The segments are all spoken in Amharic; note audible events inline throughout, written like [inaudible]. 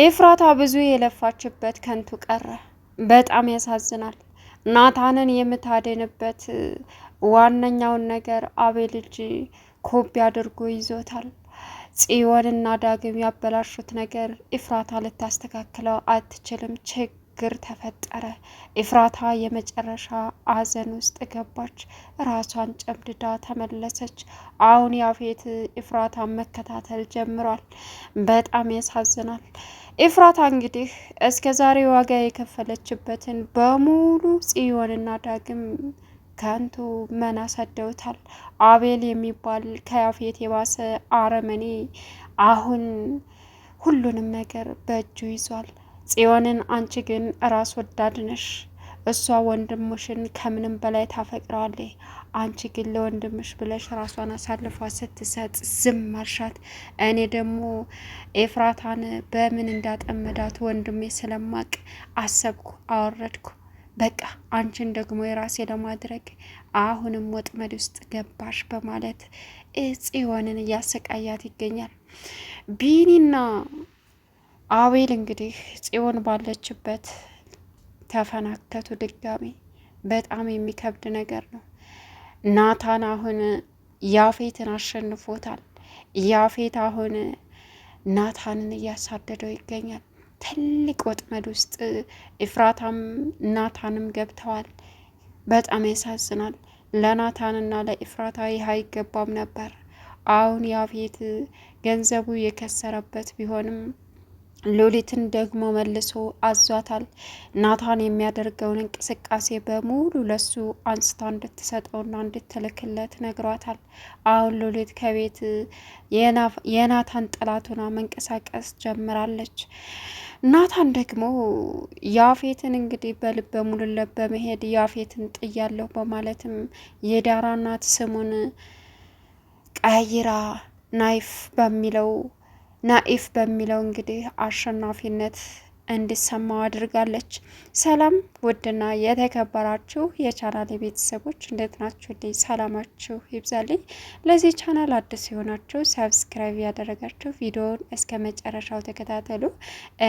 ኤፍራታ ብዙ የለፋችበት ከንቱ ቀረ። በጣም ያሳዝናል። ናታንን የምታድንበት ዋነኛውን ነገር አቤል እጅ ኮቢ አድርጎ ይዞታል። ጽዮንና ዳግም ያበላሹት ነገር ኤፍራታ ልታስተካክለው አትችልም። ችግ ችግር ተፈጠረ። ኢፍራታ የመጨረሻ አዘን ውስጥ ገባች። ራሷን ጨምድዳ ተመለሰች። አሁን ያፌት ኢፍራታን መከታተል ጀምሯል። በጣም ያሳዝናል። ኢፍራታ እንግዲህ እስከ ዛሬ ዋጋ የከፈለችበትን በሙሉ ጽዮንና ዳግም ከንቱ መና ሰደውታል። አቤል የሚባል ከያፌት የባሰ አረመኔ አሁን ሁሉንም ነገር በእጁ ይዟል። ጽዮንን አንቺ ግን ራስ ወዳድ ነሽ። እሷ ወንድምሽን ከምንም በላይ ታፈቅረዋለች። አንቺ ግን ለወንድምሽ ብለሽ ራሷን አሳልፏ ስትሰጥ ዝም አልሻት። እኔ ደግሞ ኤፍራታን በምን እንዳጠመዳት ወንድሜ ስለማቅ አሰብኩ፣ አወረድኩ። በቃ አንቺን ደግሞ የራሴ ለማድረግ አሁንም ወጥመድ ውስጥ ገባሽ በማለት ጽዮንን እያሰቃያት ይገኛል ቢኒና አቤል እንግዲህ ጽዮን ባለችበት ተፈናከቱ ድጋሚ። በጣም የሚከብድ ነገር ነው። ናታን አሁን ያፌትን አሸንፎታል። ያፌት አሁን ናታንን እያሳደደው ይገኛል። ትልቅ ወጥመድ ውስጥ እፍራታም ናታንም ገብተዋል። በጣም ያሳዝናል። ለናታንና ለኢፍራታ ይህ አይገባም ነበር። አሁን ያፌት ገንዘቡ የከሰረበት ቢሆንም ሎሊትን ደግሞ መልሶ አዟታል። ናታን የሚያደርገውን እንቅስቃሴ በሙሉ ለሱ አንስታ እንድትሰጠውና እንድትልክለት ነግሯታል። አሁን ሎሊት ከቤት የናታን ጠላቱና መንቀሳቀስ ጀምራለች። ናታን ደግሞ ያፌትን እንግዲህ በልበ ሙሉለ በመሄድ ያፌትን ጥያለሁ በማለትም የዳራ እናት ስሙን ቀይራ ናይፍ በሚለው ናኢፍ በሚለው እንግዲህ አሸናፊነት እንዲሰማው አድርጋለች። ሰላም ውድና የተከበራችሁ የቻናል ቤተሰቦች እንዴት ናችሁ? ልይ ሰላማችሁ ይብዛልኝ። ለዚህ ቻናል አዲስ የሆናችሁ ሰብስክራይብ ያደረጋችሁ ቪዲዮውን እስከ መጨረሻው ተከታተሉ።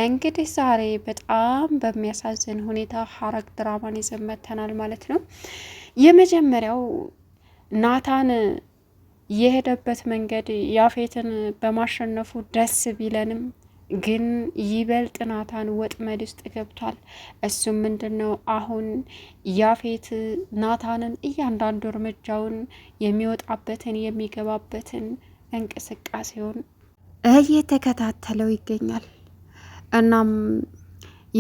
እንግዲህ ዛሬ በጣም በሚያሳዝን ሁኔታ ሐረግ ድራማን ይዘመተናል ማለት ነው። የመጀመሪያው ናታን የሄደበት መንገድ ያፌትን በማሸነፉ ደስ ቢለንም ግን ይበልጥ ናታን ወጥመድ ውስጥ ገብቷል። እሱም ምንድን ነው አሁን ያፌት ናታንን እያንዳንዱ እርምጃውን የሚወጣበትን የሚገባበትን እንቅስቃሴውን እየተከታተለው ይገኛል። እናም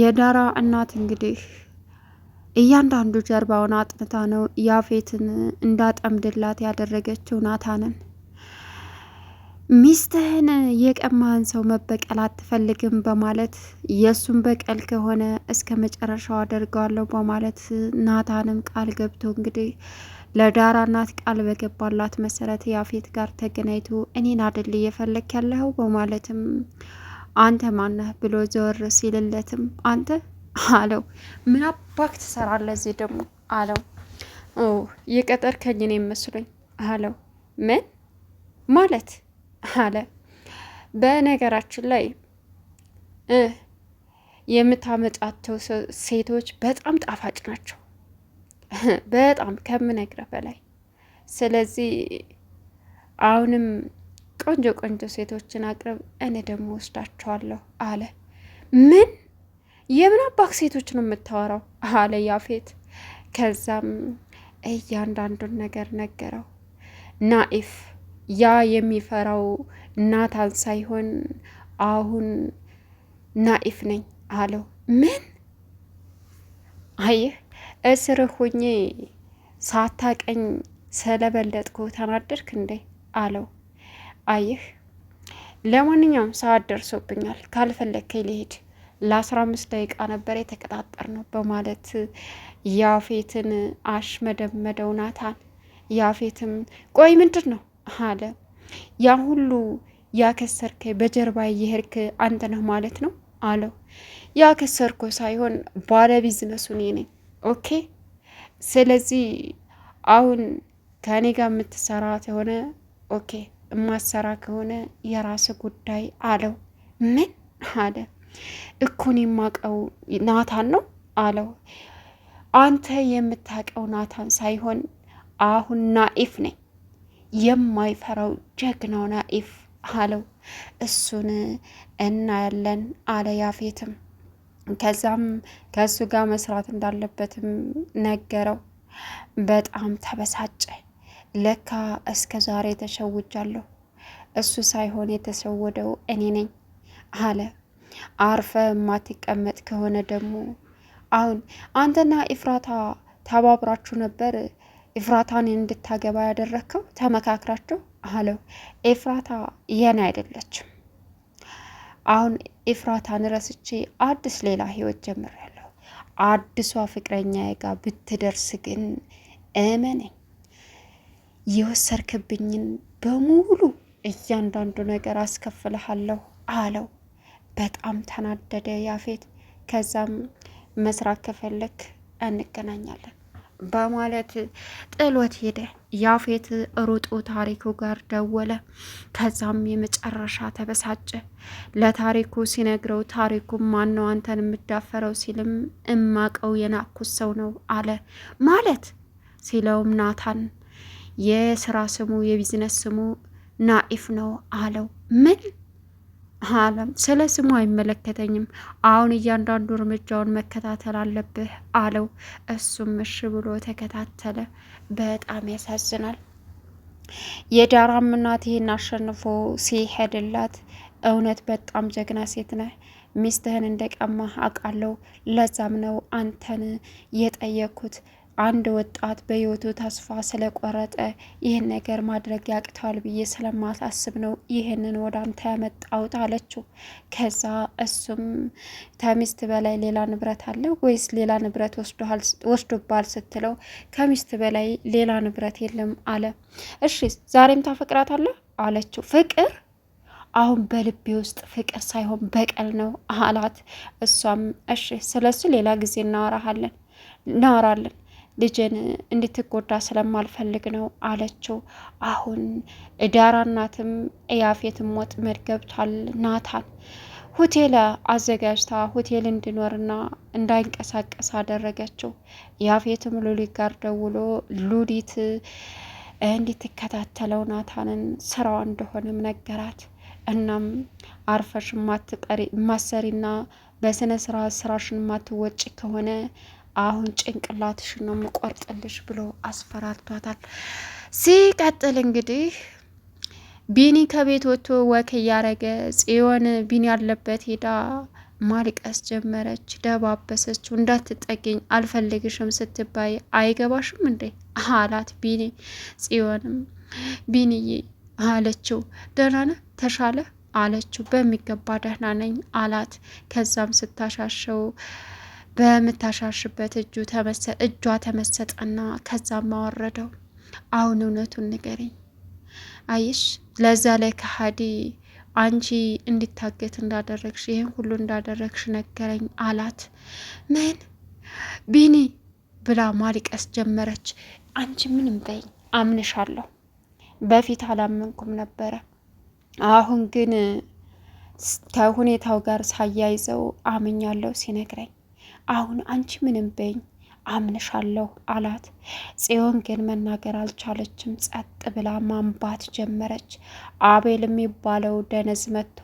የዳራ እናት እንግዲህ እያንዳንዱ ጀርባውን አጥንታ ነው ያፌትን እንዳጠምድላት ያደረገችው። ናታንን ሚስትህን የቀማህን ሰው መበቀል አትፈልግም በማለት የእሱን በቀል ከሆነ እስከ መጨረሻው አደርገዋለሁ በማለት ናታንም ቃል ገብቶ እንግዲህ ለዳራ እናት ቃል በገባላት መሰረት ያፌት ጋር ተገናኝቶ እኔን አደል እየፈለግ ያለኸው በማለትም አንተ ማነህ ብሎ ዘወር ሲልለትም አንተ አለው። ምን አባክ ትሰራለህ እዚህ ደግሞ አለው። የቀጠርከኝ እኔ መስሎኝ አለው። ምን ማለት አለ። በነገራችን ላይ የምታመጫቸው ሴቶች በጣም ጣፋጭ ናቸው፣ [laughs] በጣም ከምነግረህ በላይ። ስለዚህ አሁንም ቆንጆ ቆንጆ ሴቶችን አቅርብ፣ እኔ ደግሞ ወስዳቸዋለሁ አለ። ምን የምን አባክ ሴቶች ነው የምታወራው አለ ያፌት። ከዛም እያንዳንዱን ነገር ነገረው። ናኢፍ ያ የሚፈራው ናታን ሳይሆን አሁን ናኢፍ ነኝ አለው። ምን አየህ፣ እስር ሆኜ ሳታቀኝ ስለበለጥኩ ተናደርክ እንዴ አለው። አየህ፣ ለማንኛውም ሰዓት ደርሶብኛል፣ ካልፈለግከኝ ልሄድ ለአስራ አምስት ደቂቃ ነበር የተቀጣጠር ነው በማለት ያፌትን አሽመደመደው ናታን። ያፌትም ቆይ ምንድን ነው አለ። ያ ሁሉ ያከሰርከ በጀርባ እየሄድክ አንተ ነህ ማለት ነው አለው። ያከሰርኮ ሳይሆን ባለ ቢዝነሱ እኔ ነኝ። ኦኬ ስለዚህ አሁን ከእኔ ጋር የምትሰራ ከሆነ ኦኬ፣ የማሰራ ከሆነ የራስ ጉዳይ አለው። ምን አለ እኩን የማቀው ናታን ነው አለው። አንተ የምታቀው ናታን ሳይሆን አሁን ናኢፍ ነኝ የማይፈራው ጀግናው ናኢፍ አለው። እሱን እናያለን አለ ያፌትም። ከዛም ከእሱ ጋር መስራት እንዳለበትም ነገረው። በጣም ተበሳጨ። ለካ እስከ ዛሬ ተሸውጃለሁ፣ እሱ ሳይሆን የተሸወደው እኔ ነኝ አለ። አርፈ ማትቀመጥ ከሆነ ደግሞ አሁን አንተና ኢፍራታ ተባብራችሁ ነበር ኢፍራታን እንድታገባ ያደረግከው ተመካክራችሁ አለው። ኤፍራታ የኔ አይደለችም። አሁን ኤፍራታን ረስቼ አዲስ ሌላ ህይወት ጀምሬያለሁ። አዲሷ ፍቅረኛዬ ጋር ብትደርስ ግን እመነኝ የወሰርክብኝን በሙሉ እያንዳንዱ ነገር አስከፍልሃለሁ አለው። በጣም ተናደደ ያፌት። ከዛም መስራት ከፈለክ እንገናኛለን በማለት ጥሎት ሄደ። ያፌት ሩጡ ታሪኩ ጋር ደወለ። ከዛም የመጨረሻ ተበሳጨ። ለታሪኩ ሲነግረው ታሪኩ ማነው አንተን የምዳፈረው ሲልም እማቀው የናኩስ ሰው ነው አለ። ማለት ሲለውም ናታን የስራ ስሙ የቢዝነስ ስሙ ናኢፍ ነው አለው። ምን አለም ስለ ስሙ አይመለከተኝም። አሁን እያንዳንዱ እርምጃውን መከታተል አለብህ አለው። እሱም እሽ ብሎ ተከታተለ። በጣም ያሳዝናል። የዳራም እናት ይህን አሸንፎ ሲሄድላት እውነት በጣም ጀግና ሴት ነህ፣ ሚስትህን እንደቀማህ አውቃለሁ። ለዛም ነው አንተን የጠየኩት አንድ ወጣት በህይወቱ ተስፋ ስለቆረጠ ይህን ነገር ማድረግ ያቅተዋል ብዬ ስለማሳስብ ነው ይህንን ወደ አንተ ያመጣሁት አለችው። ከዛ እሱም ከሚስት በላይ ሌላ ንብረት አለ ወይስ ሌላ ንብረት ወስዶባል ስትለው ከሚስት በላይ ሌላ ንብረት የለም አለ። እሺ ዛሬም አለ አለችው። ፍቅር አሁን በልቤ ውስጥ ፍቅር ሳይሆን በቀል ነው አላት። እሷም እሺ ስለሱ ሌላ ጊዜ እናወራለን እናወራለን ልጅን እንድትጎዳ ስለማልፈልግ ነው አለችው። አሁን ዳራ እናትም ያፌትም ወጥመድ ገብቷል። ናታን ሆቴል አዘጋጅታ ሆቴል እንዲኖርና እንዳይንቀሳቀስ አደረገችው። ያፌትም ሉሊት ጋር ደውሎ ሉሊት እንድትከታተለው ናታንን ስራዋ እንደሆነም ነገራት። እናም አርፈሽ ማትቀሪ ማሰሪና በስነ ስርዓት ስራሽን ማትወጭ ከሆነ አሁን ጭንቅላትሽን ነው የምቆርጥልሽ ብሎ አስፈራርቷታል። ሲቀጥል እንግዲህ ቢኒ ከቤት ወጥቶ ወክ እያረገ ጽዮን ቢኒ ያለበት ሄዳ ማልቀስ ጀመረች። ደባበሰችው። እንዳትጠገኝ አልፈልግሽም ስትባይ አይገባሽም እንዴ አላት ቢኒ። ጽዮንም ቢኒዬ አለችው። ደህና ነህ ተሻለ አለችው። በሚገባ ደህና ነኝ አላት። ከዛም ስታሻሸው በምታሻሽበት እጁ እጇ ተመሰጠና ከዛም አወረደው። አሁን እውነቱን ንገሪኝ። አይሽ ለዛ ላይ ከሀዲ አንቺ እንዲታገት እንዳደረግሽ ይህን ሁሉ እንዳደረግሽ ነገረኝ አላት። ምን ቢኒ ብላ ማልቀስ ጀመረች። አንቺ ምንም በይኝ አምንሻለሁ። በፊት አላመንኩም ነበረ። አሁን ግን ከሁኔታው ጋር ሳያይዘው አምኛለሁ ሲነግረኝ አሁን አንቺ ምንም በኝ አምንሻለሁ አላት። ጽዮን ግን መናገር አልቻለችም። ጸጥ ብላ ማንባት ጀመረች። አቤል የሚባለው ደነዝ መጥቶ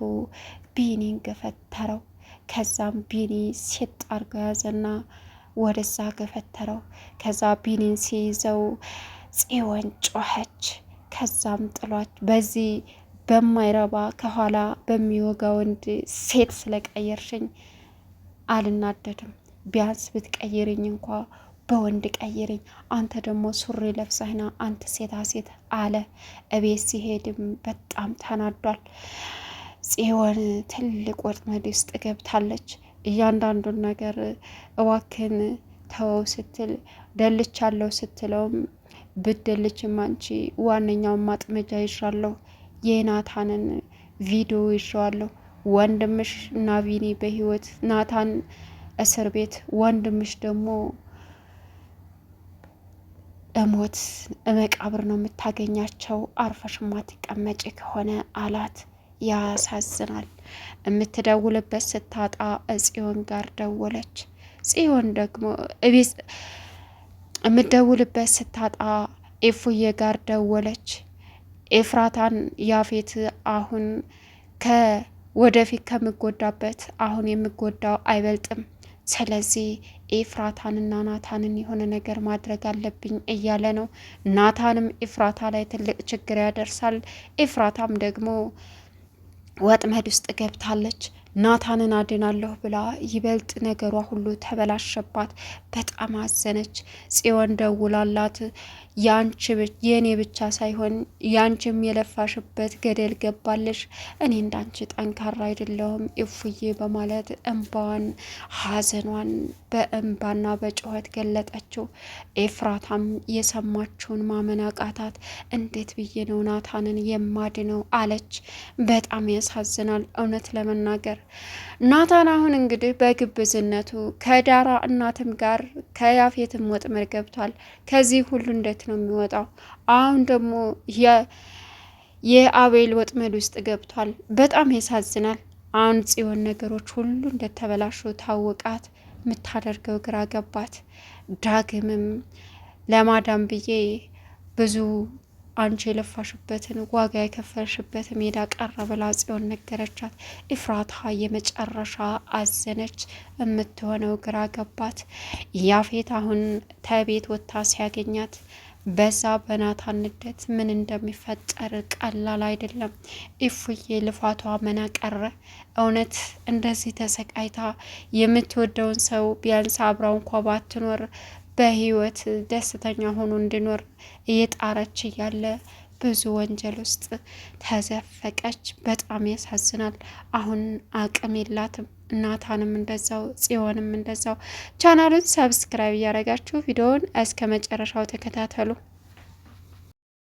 ቢኒን ገፈተረው። ከዛም ቢኒ ሴት አርጎ ያዘና ወደዛ ገፈተረው። ከዛ ቢኒን ሲይዘው ጽዮን ጮኸች። ከዛም ጥሏች በዚህ በማይረባ ከኋላ በሚወጋ ወንድ ሴት ስለቀየርሽኝ አልናደድም ቢያንስ ብትቀይርኝ እንኳ በወንድ ቀይርኝ፣ አንተ ደግሞ ሱሪ ለብሰህና አንተ ሴታ ሴት አለ። እቤት ሲሄድም በጣም ተናዷል። ጽዮን ትልቅ ወጥመድ ውስጥ ገብታለች። እያንዳንዱን ነገር እዋክን ተወው ስትል ደልቻለሁ ስትለውም ብትደልችም አንቺ ዋነኛውን ማጥመጃ ይዣለሁ፣ የናታንን ቪዲዮ ይዣዋለሁ። ወንድምሽ ናቪኒ በህይወት ናታን እስር ቤት፣ ወንድምሽ ደግሞ እሞት መቃብር ነው የምታገኛቸው፣ አርፈሽ ማትቀመጪ ከሆነ አላት። ያሳዝናል። የምትደውልበት ስታጣ ጽዮን ጋር ደወለች። ጽዮን ደግሞ የምትደውልበት ስታጣ ኤፉዬ ጋር ደወለች። ኤፍራታን ያፌት አሁን ከወደፊት ከምጎዳበት አሁን የምጎዳው አይበልጥም ስለዚህ ኤፍራታንና ናታንን የሆነ ነገር ማድረግ አለብኝ እያለ ነው። ናታንም ኤፍራታ ላይ ትልቅ ችግር ያደርሳል። ኤፍራታም ደግሞ ወጥመድ ውስጥ ገብታለች። ናታንን አድናለሁ ብላ ይበልጥ ነገሯ ሁሉ ተበላሸባት። በጣም አዘነች። ጽዮን ደውላላት የኔ ብቻ ሳይሆን ያንቺም የለፋሽበት ገደል ገባለሽ። እኔ እንዳንቺ ጠንካራ አይደለሁም እፉዬ በማለት እንባዋን ሀዘኗን በእንባና በጩኸት ገለጠችው። ኤፍራታም የሰማችውን ማመን አቃታት። እንዴት ብዬ ነው ናታንን የማድነው አለች። በጣም ያሳዝናል። እውነት ለመናገር ናታን አሁን እንግዲህ በግብዝነቱ ከዳራ እናትም ጋር ከያፌትም ወጥመድ ገብቷል። ከዚህ ሁሉ እንደ ነው የሚወጣው። አሁን ደግሞ የአቤል ወጥመድ ውስጥ ገብቷል። በጣም ያሳዝናል። አሁን ጽዮን ነገሮች ሁሉ እንደተበላሹ ታወቃት። የምታደርገው ግራ ገባት። ዳግምም ለማዳም ብዬ ብዙ አንቺ የለፋሽበትን ዋጋ የከፈልሽበት ሜዳ ቀረ ብላ ጽዮን ነገረቻት። ኢፍራታ የመጨረሻ አዘነች። የምትሆነው ግራ ገባት። ያፌት አሁን ተቤት ወጥታ ሲያገኛት በዛ በናታን ንዴት ምን እንደሚፈጠር ቀላል አይደለም። ኢፉዬ ልፋቷ መናቀረ ቀረ? እውነት እንደዚህ ተሰቃይታ የምትወደውን ሰው ቢያንስ አብራው እንኳ ባትኖር በህይወት ደስተኛ ሆኖ እንዲኖር እየጣረች እያለ ብዙ ወንጀል ውስጥ ተዘፈቀች። በጣም ያሳዝናል። አሁን አቅም የላትም። ናታንም እንደዛው ጽዮንም እንደዛው። ቻናሉን ሰብስክራይብ እያደረጋችሁ ቪዲዮውን እስከ መጨረሻው ተከታተሉ።